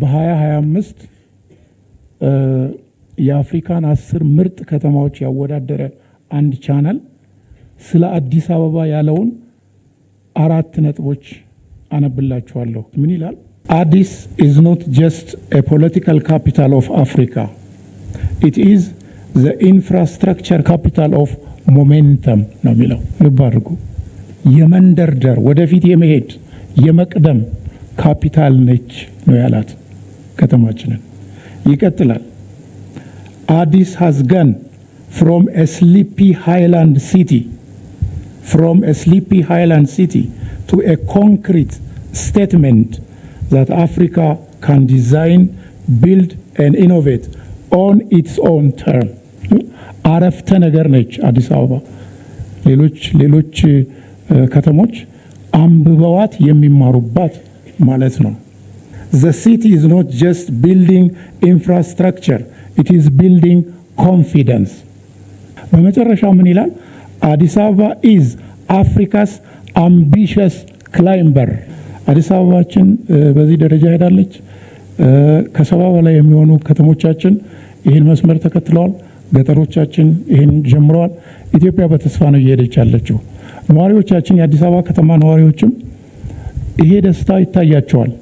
በ2025 የአፍሪካን አስር ምርጥ ከተማዎች ያወዳደረ አንድ ቻናል ስለ አዲስ አበባ ያለውን አራት ነጥቦች አነብላችኋለሁ። ምን ይላል? አዲስ ኢዝ ኖት ጀስት ፖለቲካል ካፒታል ኦፍ አፍሪካ ኢት ኢዝ ዘ ኢንፍራስትራክቸር ካፒታል ኦፍ ሞሜንተም ነው የሚለው። ልብ አድርጉ። የመንደርደር ወደፊት የመሄድ የመቅደም ካፒታል ነች ነው ያላት። ከተማችንን ይቀጥላል። አዲስ ሀዝጋን ፍሮም ስሊፒ ሃይላንድ ሲቲ ፍሮም ስሊፒ ሃይላንድ ሲቲ ቱ ኮንክሪት ስቴትመንት ዛት አፍሪካ ካን ዲዛይን ቢልድ ኤንድ ኢኖቬት ኦን ኢትስ ኦን ተርም። አረፍተ ነገር ነች አዲስ አበባ። ሌሎች ሌሎች ከተሞች አንብበዋት የሚማሩባት ማለት ነው። the city is not just building infrastructure, it is building confidence. በመጨረሻ ምን ይላል? አዲስ አበባ ኢዝ አፍሪካስ አምቢሽስ ክላይምበር። አዲስ አበባችን በዚህ ደረጃ ሄዳለች። ከሰባ በላይ የሚሆኑ ከተሞቻችን ይህን መስመር ተከትለዋል። ገጠሮቻችን ይህን ጀምረዋል። ኢትዮጵያ በተስፋ ነው እየሄደች ያለችው። ነዋሪዎቻችን፣ የአዲስ አበባ ከተማ ነዋሪዎችም ይሄ ደስታ ይታያቸዋል።